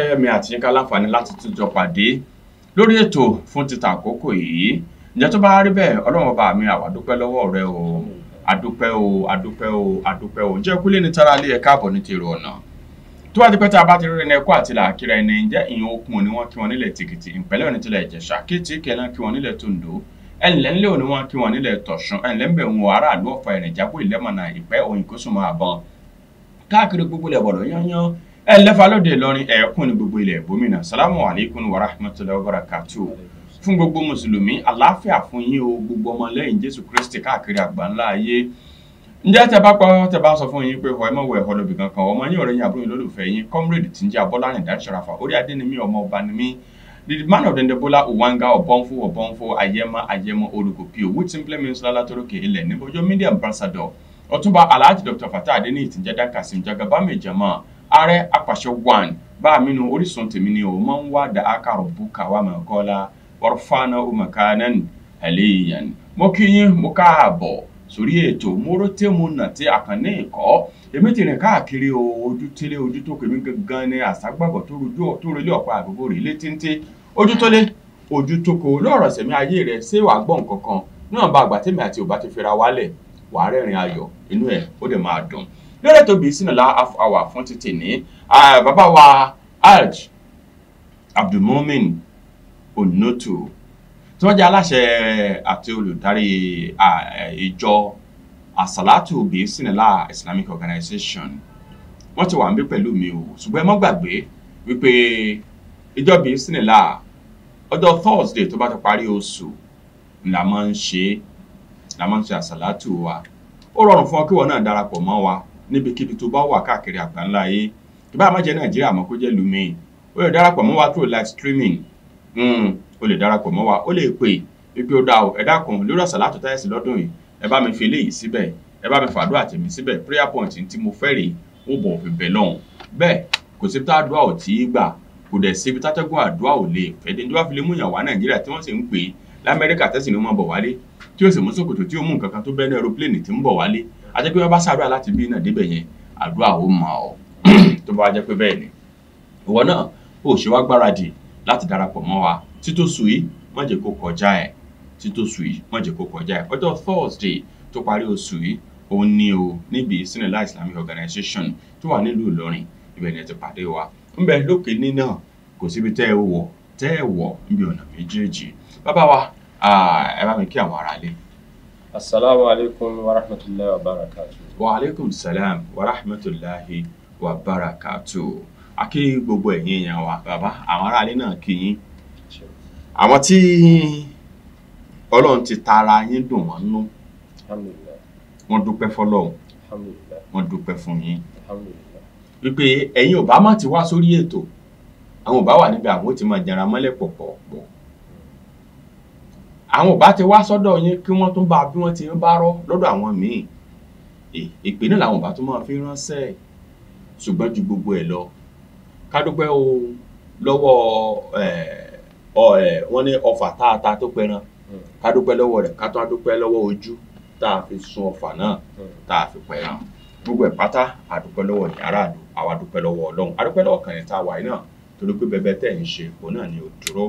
èmi àti yín ká láǹfààní láti tún jọ pàdé lórí ètò fún títà àkókò yìí ǹjẹ́ tó bá rí bẹ́ẹ̀ ọlọ́run ọba mi àwa lọ́wọ́ rẹ o àdúpẹ́ o àdúpẹ́ o àdúpẹ́ o ǹjẹ́ kúlẹ̀ ní tara lé ẹ káàbọ̀ ní tèrò ọ̀nà tó bá ti pẹ́ tá a bá ti rí ẹni ẹ̀kọ́ àti làákìrẹ́ ẹni ǹjẹ́ ìyẹn okun ni wọ́n kí wọn nílẹ̀ tìkìtì ìpẹ́lẹ́ òní tilẹ̀ ìjẹ̀ṣà kéètì kẹ́lá kí wọn nílẹ̀ tòǹdó ẹnlẹ́ ńlẹ́ òní wọn kí wọn nílẹ̀ tọ̀ṣun ẹnlẹ́ ń bẹ̀ wọn aráàlú ọ̀fà ẹ̀rìn jágbó ìlẹ́mọ̀nà ìpẹ́ òyìnkósùnmọ́ àbọ̀n káàkiri gbogbo lẹ̀ bọ̀dọ̀ yányán ẹ lẹ́fà lóde Ìlọrin ní gbogbo ilẹ̀ gómìnà salamu alaykum wa rahmatulahi wa barakatuh fún gbogbo mùsùlùmí àlàáfíà fún yín o gbogbo ọmọlẹ́yìn Jésù Kristi káàkiri àgbáńlá ayé ǹjẹ́ tẹ bá pa tẹ sọ fún yín pé ọ ẹ mọ̀ wọ ẹ̀họ́ lóbì kankan ọmọ yín ọ̀rẹ́ yín àbúrò yín lólùfẹ́ yín comrade tí ń jẹ́ Abọ́lárìn Dáre orí adé ni mí Uwanga ilẹ̀ níbo are apàṣẹ one bá a mìíràn orísun tèmi ni o máa ń wá da akárò búkà wà máa kọ́ la warfana umakanan haliyan mo kí yín mo káàbọ̀ sórí ètò mórotẹ́mu nàti àkànní ìkọ́ èmi ti rìn káàkiri o ojú tẹ́lẹ̀ ojú tó kèmí gangan ni àságbàgbọ̀ tó rojú tó relé ọ̀pá àgbègbè rè lé téńté ojú tó lé ojú tó kò lọ́rọ̀ sẹ̀mí ayé rẹ̀ ṣé wàá gbọ́ nǹkan kan níwọ̀nba àgbà tèmi àti òbá ti fira wálẹ̀ wàá rẹ́rìn ayọ̀ inú ẹ̀ ó dẹ̀ máa dùn lórí ètò Bismillah half hour fún títì ní bàbá wa Hajj Abdulmumin Onoto tí wọ́n jẹ́ aláṣẹ àti olùdarí ìjọ Asalatu Bismillah Islamic Organization wọ́n ti wà ń bí pẹ̀lú mi o ṣùgbọ́n ẹ má gbàgbé wípé ìjọ Bismillah ọjọ́ Thursday tó bá ti parí oṣù la máa ń ṣe la máa ń ṣe àsàlátù wa ó rọrùn fún ọ kí wọn náà darapọ̀ mọ́ wa níbikíbi tó bá wà káàkiri àgbáńlá ayé ìbá má jẹ́ nàìjíríà mọ́ kó jẹ́ lumi o lè darapọ̀ mọ́ wa through live streaming hmm, o lè darapọ̀ mọ́ wa o lè pè ipe ó dá o ẹ̀dá kan lórí ọ̀sán látọ̀ táyẹ̀sì lọ́dún yìí ẹ bá mi fi eléyìí síbẹ̀ ẹ bá mi fàdó àtẹ̀mí síbẹ̀ prayer point tí mo fẹ́ rèé ó bọ̀ fi bẹ̀ lọ́hùn bẹ́ẹ̀ kò síbi tá àdúrà ò tí í gbà kò dẹ̀ síbi tátẹ́gùn àdúrà ò lè fẹ́ dé ní wàá fi lè mú yàn wá nàìjíríà tí wọ́n sì ń pè é lamẹ́ríkà tẹ́sí ni wọ́n bọ̀ wálé tí ó sì mú ṣòkòtò tí ó mú nǹkan kan tó bẹ́ẹ̀ ní aeroplane tí ń bọ̀ wálé àti pé wọ́n bá ṣàdúrà láti bí náà débẹ̀ yẹn àdúrà ó mọ ọ tó bá jẹ́ pé bẹ́ẹ̀ ni ìwọ náà ó ṣe wá gbáradì láti darapọ̀ mọ́ wa títòsù yìí má jẹ́ kó kọjá ẹ̀ títòsù yìí má jẹ́ kó kọjá ẹ̀ ọjọ́ Thursday tó parí oṣù yìí òun ni o níbi sinila Islamic Organization tó wà nílùú Ìlọrin ibẹ̀ ni ẹ ti pàdé wa ńbẹ lókè ní náà kò síbi tẹ́ ẹ wọ̀ tẹ́ ẹ wọ̀ níbi ọ̀nà méjèèjì bàbá wa ẹ bá mi kí àwọn aráalé asalaamu alaykum wa rahmatulahi wa barakatu. wa aleykum salaam wa rahmatulahi wa barakatu. a kí gbogbo ẹ̀yin èèyàn wa bàbá àwọn aráàlú náà kí yín. àwọn tí ọlọ́run ti tara yín dùn wọ́n nú. wọ́n dúpẹ́ fọlọ́run. wọ́n dúpẹ́ fún yín. wípé ẹ̀yin ò bá má ti wá sórí ètò àwọn ò bá wà níbi àwọn ò ti máa jẹran mọ́lẹ̀ pọ̀pọ̀pọ̀ àwọn ọba ti wá sọ́dọ̀ yín kí wọ́n tún bá bí wọ́n ti ń bá rọ́ lọ́dọ̀ àwọn míì ìpè náà làwọn ọba tún máa fi ránṣẹ́ ṣùgbọ́n ju gbogbo ẹ̀ lọ kádúpẹ́ o lọ́wọ́ wọ́n ní ọfà táata tó pẹran kádúpẹ́ lọ́wọ́ rẹ̀ ká tó adúpẹ́ lọ́wọ́ ojú tá a fi sun ọfà náà tá a fi pẹran gbogbo ẹ̀ pátá àdúpẹ́ lọ́wọ́ ní aráàlú àwa àdúpẹ́ lọ́wọ́ ọlọ́run àdúpẹ́ lọ́wọ́ kàn yín tá a wà yín náà torí pé bẹbẹ tẹ̀ ń ṣe òun náà ni ò dúró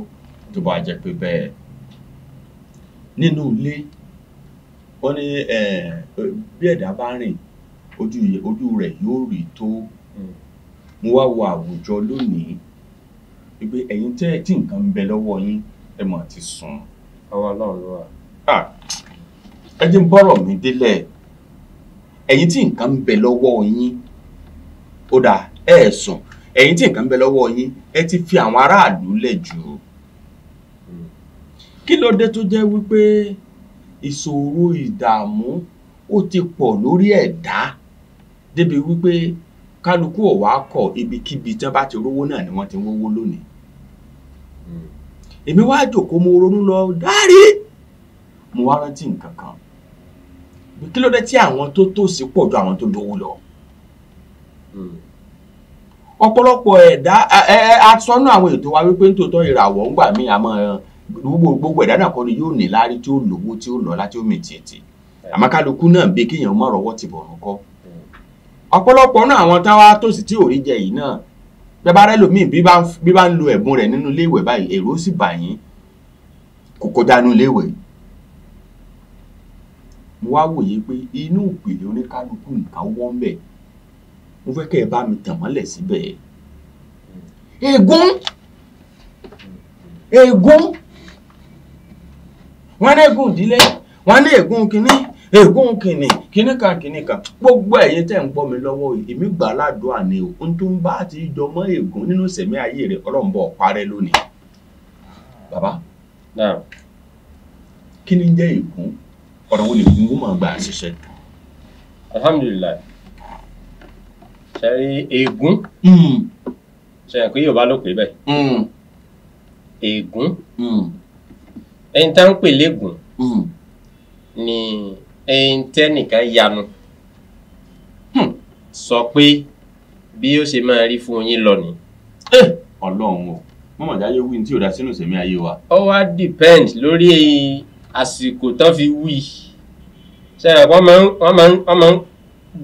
tó bá jẹ́ pé bẹ́ẹ̀ nínú ilé wọ́n ní bí ẹ̀dá bá rìn ojú ojú rẹ̀ yóò rí tó hmm. mo wá wo àwùjọ lónìí pé ẹ̀yin tẹ́ tí nǹkan ń bẹ lọ́wọ́ yín ẹ mọ̀ ti sùn. ọwọ́ Ọlọ́run ló wà. ẹ jẹ́ ń bọ́rọ̀ mi délẹ̀ ẹ̀yin tí nǹkan ń bẹ lọ́wọ́ yín ó dáa ẹ sùn ẹ̀yin tí nǹkan ń bẹ lọ́wọ́ yín ẹ ti fi àwọn aráàlú lẹ̀ jù ú kí ló dé tó jẹ́ wípé ìṣòro ìdààmú ó ti pọ̀ lórí ẹ̀dá débi wípé kálukú ò wá kọ ibikíbi tí wọ́n bá ti rówó náà ni wọ́n ti ń wówó lónìí. Hmm. èmi wá jòkó mo ronú lọ dárí mo wá rántí nǹkan kan kí ló dé tí àwọn tó tòṣì pọ̀ ju àwọn tó lówó lọ. Hmm. ọ̀pọ̀lọpọ̀ ẹ̀dá ẹ àwọn ètò wa wípé nítòótọ́ ìràwọ̀ ń gbà mí àmọ́ ẹ̀ gbogbo ẹ̀dá náà kọ́ ni yóò ní láárí tí ó lówó tí ó lọ́lá tí ó mì tìtì àmọ́ kálukú náà bí kéèyàn má rọwọ́ ti bọ̀rùn kọ́ ọ̀pọ̀lọpọ̀ náà àwọn táwa tó sì tí ò rí jẹ yìí náà bẹ́bárẹ́ lòmíì bí bá ń lo ẹ̀bùn rẹ̀ nínú iléèwé báyìí èrò sì bà yín kò kọjá nínú iléèwé mo wá wòye pé inú ìpìlẹ̀ oníkálukú nǹkan wọ́n ń bẹ̀ mo fẹ́ kẹ́ ẹ bá mi tàn mọ́lẹ̀ síbẹ̀ ègún ègún wọ́n ní ègún ìdílé wọ́n ní ègún kínní ègún kìnnì kínní kan kínní kan gbogbo ẹ̀yin tẹ́ ń gbọ́ mi lọ́wọ́ èmi gbà ládùúà ni o ohun tó ń bá ti jọ mọ́ ègún nínú sẹ̀mí ayé rẹ̀ ọlọ́run bọ̀ parẹ́ lónìí. bàbá kí ni jẹ́ ègún ọ̀rọ̀ wo ni ègún ó máa gbà ṣiṣẹ́. alhamdulilayi ṣe rí ègún hmm. ṣe hàn pé Yorùbá ló pè bẹ́ẹ̀ hmm. ègún. Hmm ẹni tá ń pè lẹ́gùn hmm. ni ẹni tẹ́nìkan yanu hmm. sọ pé bí ó ṣe máa rí fún yín lọ ni. Eh! ọlọ́run o mọ̀mọ́ ìdájọ́ wí ní tí ò dá sínú ìsẹ̀mí ayé wa. ó wá depend lórí àsìkò tán fi wí sẹ́yìn wọ́n máa ń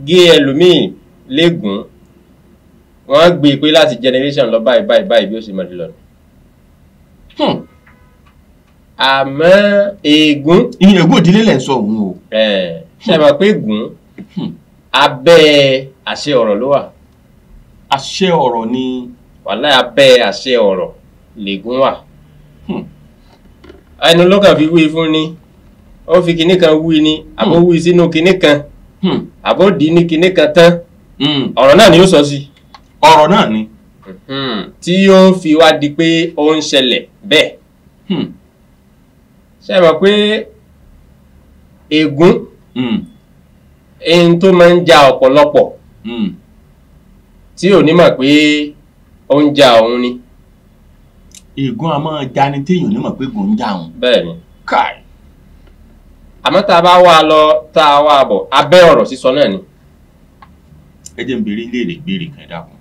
gé ẹlòmíì lẹ́gùn wọ́n á gbé e pé láti generation lọ báyìí báyìí báyìí bí ó ṣe máa di lọ àmọ́ ègún. ìyẹn ègún ìdílé lẹ̀ ń sọ òun o. ṣe mọ̀ pé ègún hmm. abẹ́ àṣẹ ọ̀rọ̀ ló wà. àṣẹ ọ̀rọ̀ ni. wàhálà abẹ́ àṣẹ ọ̀rọ̀ lègún wà. Hmm. ẹnu lọ́kàn fi wí fún ni ó fi kinní kan wí ni àbó hmm. wí sínú kinní kan àbó dì í ní kinní kan tán ọ̀rọ̀ náà ni ó sọ sí. ọ̀rọ̀ náà ni. tí yóò fi wá di pé ó ń ṣẹlẹ̀ bẹ́ẹ̀ ṣe mọ̀ pé ègún hmm. ẹni tó máa ń ja ọ̀pọ̀lọpọ̀ hmm. tí ò ní mọ̀ pé ó ń ja òun ni. ègún a máa jani téèyàn ní mọ̀ pé ègún ń ja òun. bẹ́ẹ̀ni káì àmọ́ tá a bá wá a lọ tá a wá a bọ̀ abẹ́ ọ̀rọ̀ sísọ náà ni. ẹ jẹ́ n béèrè léèrè ìbéèrè kan dákun.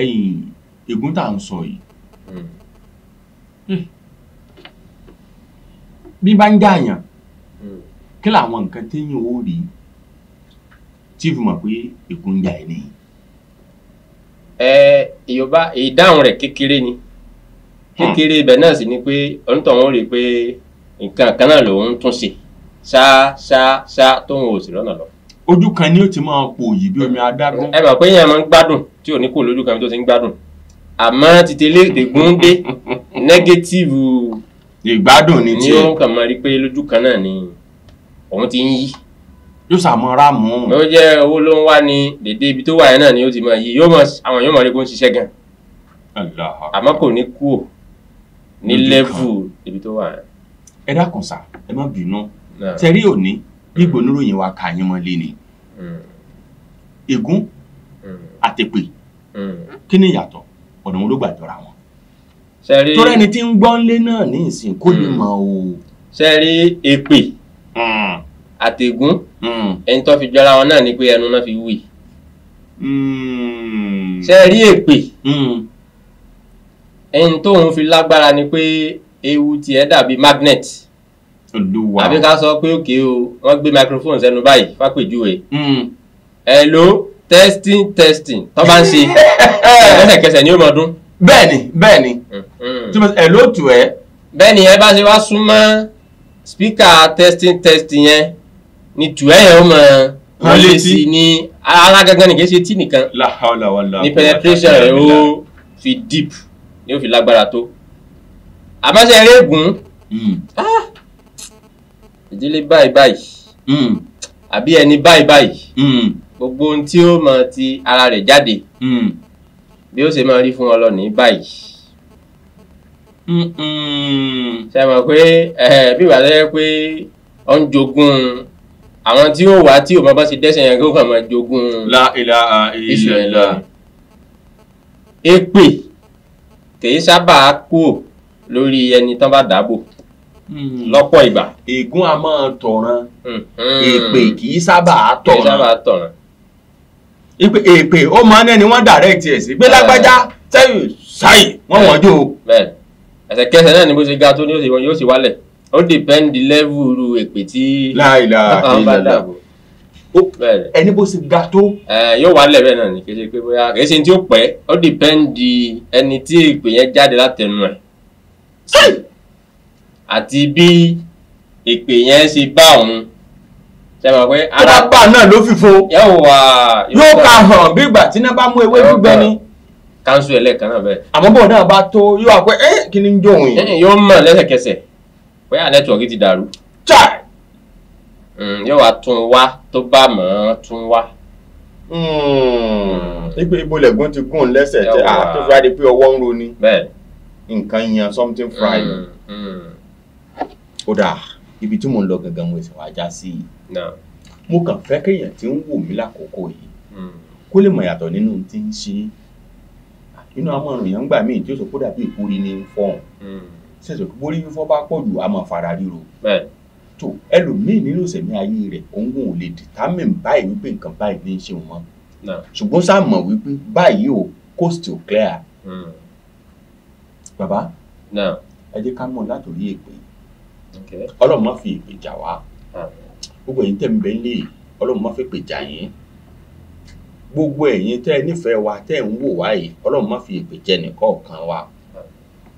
ẹ̀yin ègún tá à ń sọ yìí. Hmm bí bá ń jàyàn hmm. kí làwọn nǹkan téèyàn ó rí tí fi mọ̀ pé ègún ń jà ẹ̀ nìyí. ẹ ìyọba ìdáhùn rẹ̀ kékeré ni hmm. kékeré ibẹ̀ náà sì ni pé onítọ̀hún rí i pé nǹkan kan náà lòun tún ṣe ṣá ṣá ṣá tóun ò sì lọ́nà lọ. ojú kan ni ó ti máa pò yìí bí omi adágún. ẹ mọ̀ pé yẹn máa ń gbádùn tí ò ní kò lójú kan tó ti ń gbádùn àmọ́ títí eléèdè gún nẹ́gẹ́tìfù ìgbádùn ni tiẹ̀. ní ó kàn máa rí pé lójú kan náà ni òun ti ń yí. yóò sàmọ́ra mú. ó jẹ́ owó ló ń wá ní dèdè ibi tó wà yẹn náà ni ó ti máa yí àwọn yóò máa rí pé ó ń ṣiṣẹ́ gan. àmọ́ kò ní kúò ní lẹ́fù ibi tó wà yẹn. ẹ dákun sá ẹ má bínú tẹ̀rí òní bí hmm. gbónúròyìn wa kà yín mọ́lé ni hmm. ègún hmm. àtèpè kí ni ìyàtọ̀ ọ̀nà wọn ló gbàjọra wọn sẹ́rí tó rẹ́ni tí ń gbọ́ ńlé náà ní ìsìn kó lè hmm. mọ̀ o. sẹ́rí èpè hmm. àtẹ̀gún hmm. ẹni tó fi jọra wọn náà ni pé ẹnu náà fi wì. sẹ́rí èpè ẹni tóun fi lágbára ni pé ewu tiẹ̀ dàbí magnet àbí ká sọ pé òkè o wọ́n gbé microphone sẹ́nu báyìí fápèjúwe. hello testing testing tó bá ń ṣe lẹ́sẹ̀kẹsẹ̀ ni ó mọ̀ ọdún bẹ́ẹ̀ni bẹ́ẹ̀ni mm-hmm. tí mo ẹ ló tù ẹ. bẹ́ẹ̀ni ẹ bá ṣe wá súnmọ́ spíkà testing test yẹn ni tù ẹ yẹn ó mọ wọn lè sí ní ara gangan nìkan ṣe tí nìkan ni penetration rẹ ó fi deep ni ó fi lágbára tó àmọ́ ṣe eré ègún hmm. ah! ìdílé báyìí báyìí hmm. àbí ẹni báyìí báyìí hmm. gbogbo ohun tí ó mọ ti ara rẹ̀ jáde. Mm bí ó ṣe máa rí fún ọlọ́ọ̀ni báyìí ṣe mọ̀ pé eh, bí ìwà tó yẹ pé ọ ń jogún àwọn tí ó wà tí ò mọ bá ṣe dẹ́sẹ̀ yẹn kó kàn máa jogún iṣu yẹn lọ. èpè kìí sábà kú lórí ẹni tán bá dàbò mm. lọ́pọ̀ ìgbà. ègún a máa tọ̀ràn mm-hmm. èpè kìí sábà tọ̀ràn ìpè èpè ó máa ń ẹni wọ́n direct ẹ̀ sí gbé lágbájá tẹ́yìn ṣáì wọ́n wọ́n jó. bẹ́ẹ̀ ẹsẹ̀ kẹsẹ̀ náà ni bó ṣe ga tó ní yóò ṣe wálẹ̀ ó depend level èpè tí àwọn bá dàbò ẹni bó ṣe ga tó. yóò wá lẹ̀ bẹ́ẹ̀ náà ni kéṣe pé bóyá kìí ṣe tí ó pẹ́ ó dìpẹ́ǹdì ẹni tí èpè yẹn jáde látẹnu ẹ̀ àti bí èpè yẹn ṣe bá òun ṣe mọ̀ pé ara tó bá gbà náà ló fìfo yóò ka hàn bí ìgbà tí náà bá mú ewé gbígbẹ ni kanṣu ẹ̀ náà bẹ́ẹ̀. àmọ́ bọ̀ náà bá tó yóò wá ẹ́ kí ni ń jó òun yìí. yóò mọ̀ lẹ́sẹ̀kẹsẹ̀ pé ànẹ́tọ̀ọ̀kì ti dàrú. Mm, yóò wá tún wá tó bá mọ̀ ọ́n tún wá. Hmm. Mm. ipe ibo lẹ́gbọ́n ti gùn lẹ́sẹ̀ tẹ àti fúra di pé ọwọ́ ń ro nǹkan yan something fried. Mm, ó dáa ibi tí mò ń lọ gangan mo ṣe wàá já sí i mo kàn fẹ́ kéèyàn tí ń wò mí lákòókò yìí hmm. kó lè mọ̀ yàtọ̀ nínú tí ń ṣe ah, inú amọ̀ràn yẹn ń gbà míì tí ó sọ kó dàbí ìkórè ní fọ́ọ̀n ṣẹ̀ṣẹ̀ kó borí fífọ́ bá pọ̀ jù á máa fara ríro tó ẹlòmíì nínú ìṣẹ̀mí ayé rẹ̀ òun ò lè determine báyìí wípé nǹkan báyìí ní í ṣe wọn ṣùgbọ́n sáà wípé báyìí o coast ò clear hmm. bàbá ẹ jẹ́ ká mọ̀ látòrí èpè yìí ọlọ́run má fi ìpèjà wá gbogbo ẹ̀yin tẹ̀ ń bẹ nílé ọlọ́run má fi ìpèjà yín gbogbo ẹ̀yin tẹ́ ẹ nífẹ̀ẹ́ wa tẹ́ ẹ ń wò wá yìí ọlọ́run má fi ìpèjẹ nìkọ̀ọ̀kan wa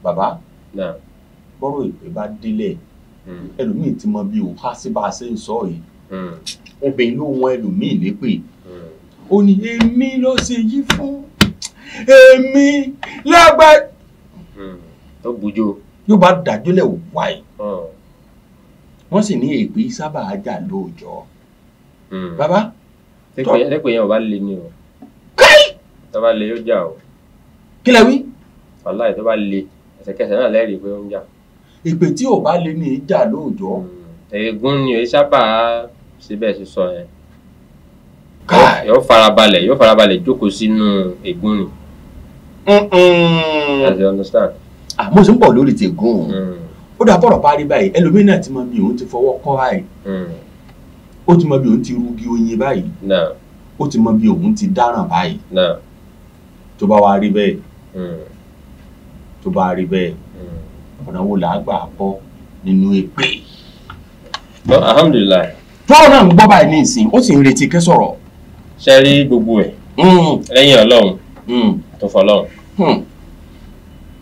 bàbá bọ́rọ̀ ìpè bá délẹ̀ hmm. ẹlòmíì ti mọ bí o ká sí bá a ṣe ń sọ yìí hmm. obìnrin ló wọn ẹlòmíì lépè hmm. ó ní èmi ló ṣe yí fún èmi lágbá. tó bujú. yóò bá dájú lẹ̀ wáyé wọ́n sì ní èpè sábà jà lóòjọ́. Hmm. bàbá. lẹ́pẹ̀ yẹn ò bá le ni o. káyì. tó bá le yóò jà o. kí lẹ wí. wàláì tó bá le ẹsẹ̀kẹsẹ̀ náà lẹ́rìí pé ó ń jà. èpè tí ò bá le ni jà lóòjọ́. Hmm. ègún ni èyí sábà ṣe bẹ́ẹ̀ ṣe sọ yẹn. káyì. yóò farabalẹ̀ yóò farabalẹ̀ jókòó sínú ègún ni. as you understand. àmọ́ ah, ṣe ń bọ̀ lórí ti ègún Mm. ó dà tọrọ parí báyìí ẹlòmíín náà ti mọ bí òun ti fọwọ́ kọ́ báyìí hmm. ó ti mọ bí òun ti rugi oyin báyìí ó ti mọ bí òun ti dáràn báyìí tó bá wá rí bẹ́ẹ̀ hmm. tó bá rí bẹ́ẹ̀ hmm. ọ̀nà wo gbà bọ́ nínú èpè. alhamdulilayi. náà báyìí ní ìsìn ó sì ń retí gbogbo ẹ̀ lẹ́yìn ọlọ́run tó fọlọ́run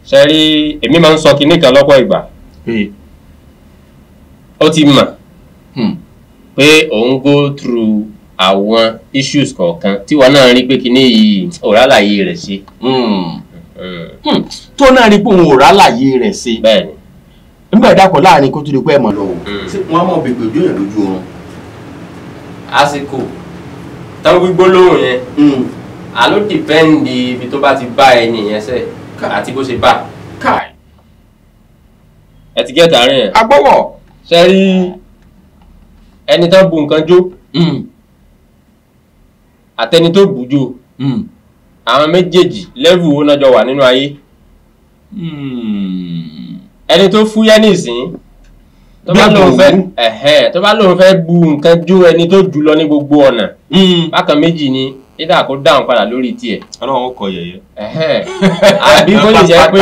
ṣe rí èmi máa ń sọ kinní Hmm. ó ti mọ̀ hmm. pé òun go through àwọn issues kọ̀ọ̀kan tíwọ náà rí pé kinní yìí ò rálàyé rẹ̀ ṣe. Hmm. tó náà rí pé òun ò rálàyé rẹ̀ ṣe. bẹ́ẹ̀ni. nígbà ìdàpọ̀ láàrin kó tó di pé ẹ̀ mọ̀ lọ. ṣé wọ́n á mọ̀ bèbè ojú yẹn lójú oorun. àsìkò tán gbígbó lóhùn yẹn àló dìpẹ́ǹdì ibi tó bá ti bá ẹni yẹn sẹ́ẹ̀ àti bó ṣe bá. káà ẹ ti gẹ́ta rẹ̀ yẹn. agbọ́wọ̀. ṣe rí ẹni tó bu nǹkan jó hmm. àtẹni tó bù jó hmm. àwọn méjèèjì lẹ́vù wo náà jọ wà nínú ayé hmm. ẹni tó fúyẹ́ nìsín tó bá lóun fẹ́ ẹ̀hẹ́ tó bá lóun fẹ́ bu nǹkan jó ẹni tó jù lọ ní gbogbo ọ̀nà bákan méjì ni dídà kó dáhùn padà lórí tiẹ̀. ọlọ́run ó kọ yẹ̀yẹ́. àbí kó lè jẹ́ pé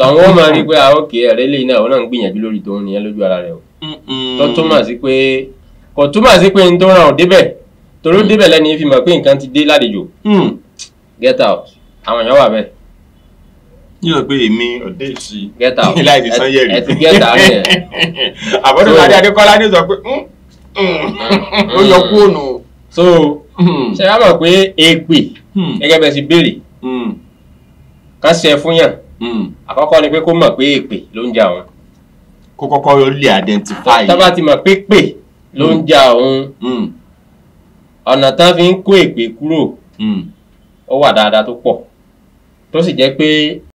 tọ̀hún wọn máa rí i pé àwọn kì í ẹ̀rẹ́ lè náà wọn náà ń gbìyànjú lórí tòun nìyẹn lójú ara rẹ o tó túmọ̀ sí pé kò túmọ̀ sí pé n tó ràn ọ́ débẹ̀ torí mm. débẹ̀ lẹ́ni fi mọ̀ pé nǹkan ti dé ládejò mm. get out àwọn èèyàn wà bẹ́ẹ̀. yóò pé èmi ọ̀dẹ́ ìsì get out láì ti sanyẹ̀ rí. ẹ ti get out yẹn. àbọ̀dọ̀ adé adékọ́lá ní sọ pé mm, ó yọ kú ònù. so ṣe é wá mọ̀ pé èpè gẹ́gẹ́ bẹ́ẹ̀ ti béèrè kán ṣe fún yàn. Hmm. àkọ́kọ́ ni pé kó mọ̀ pé èpè ló ń jà òun. kó kọ́kọ́ lè identify. tó ti mọ̀ pé pè ló ń hmm. jà òun hmm. ọ̀nà tán fi ń kó èpè kúrò ó wà dáadáa tó pọ̀ tó sì jẹ́ pé